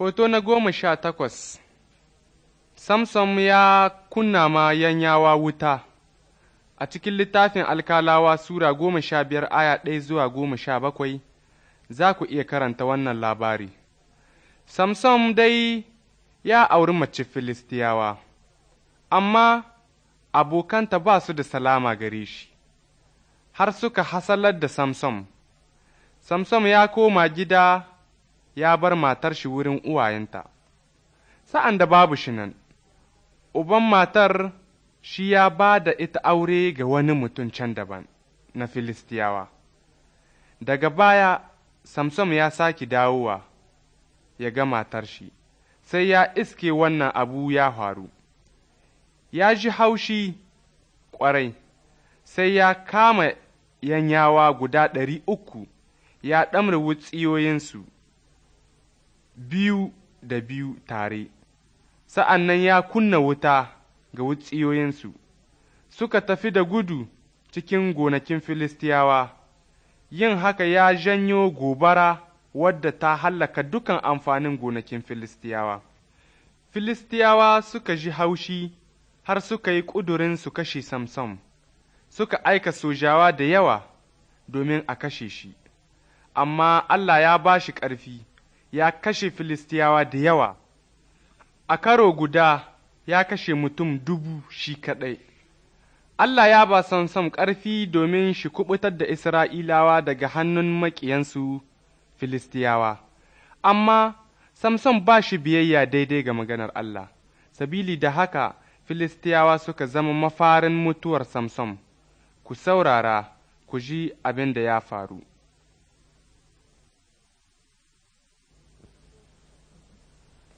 Foto na goma sha takwas Samson ya kunna ma yanyawa wuta a cikin littafin alkalawa Sura goma sha biyar aya ɗaya zuwa goma sha bakwai za ku iya karanta wannan labari. Samson dai ya auri mace Filistiyawa, amma abokanta ba su da salama gare shi, har suka hasalar da Samson. Samson ya koma gida ya bar matar shi wurin uwayenta, sa'an da babu shi nan, uban matar shi ya ba da ita aure ga wani mutum can daban na Filistiyawa. Daga baya, Samson ya sake dawowa ya ga matar shi, sai ya iske wannan abu ya faru. Ya ji haushi ƙwarai, sai ya kama yanyawa guda ɗari uku ya ɗamra wutsiyoyinsu biyu da biyu tare, sa'an nan ya kunna wuta ga wutsiyoyinsu, suka tafi da gudu cikin gonakin Filistiyawa, yin haka ya janyo gobara wadda ta hallaka dukan amfanin gonakin Filistiyawa. Filistiyawa suka ji haushi har suka yi ƙudurin su kashe samsam suka aika sojawa da yawa domin a kashe shi, amma Allah ya ba shi ƙarfi. ya kashe Filistiyawa da yawa, a karo guda ya kashe mutum dubu shi kaɗai. Allah ya ba Samson ƙarfi domin shi kuɓutar da Isra'ilawa daga hannun maƙiyansu Filistiyawa, amma Samson ba shi biyayya daidai ga maganar Allah, sabili da haka Filistiyawa suka zama mafarin mutuwar Samson. Ku saurara, ku ji abin da ya faru.